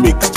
mix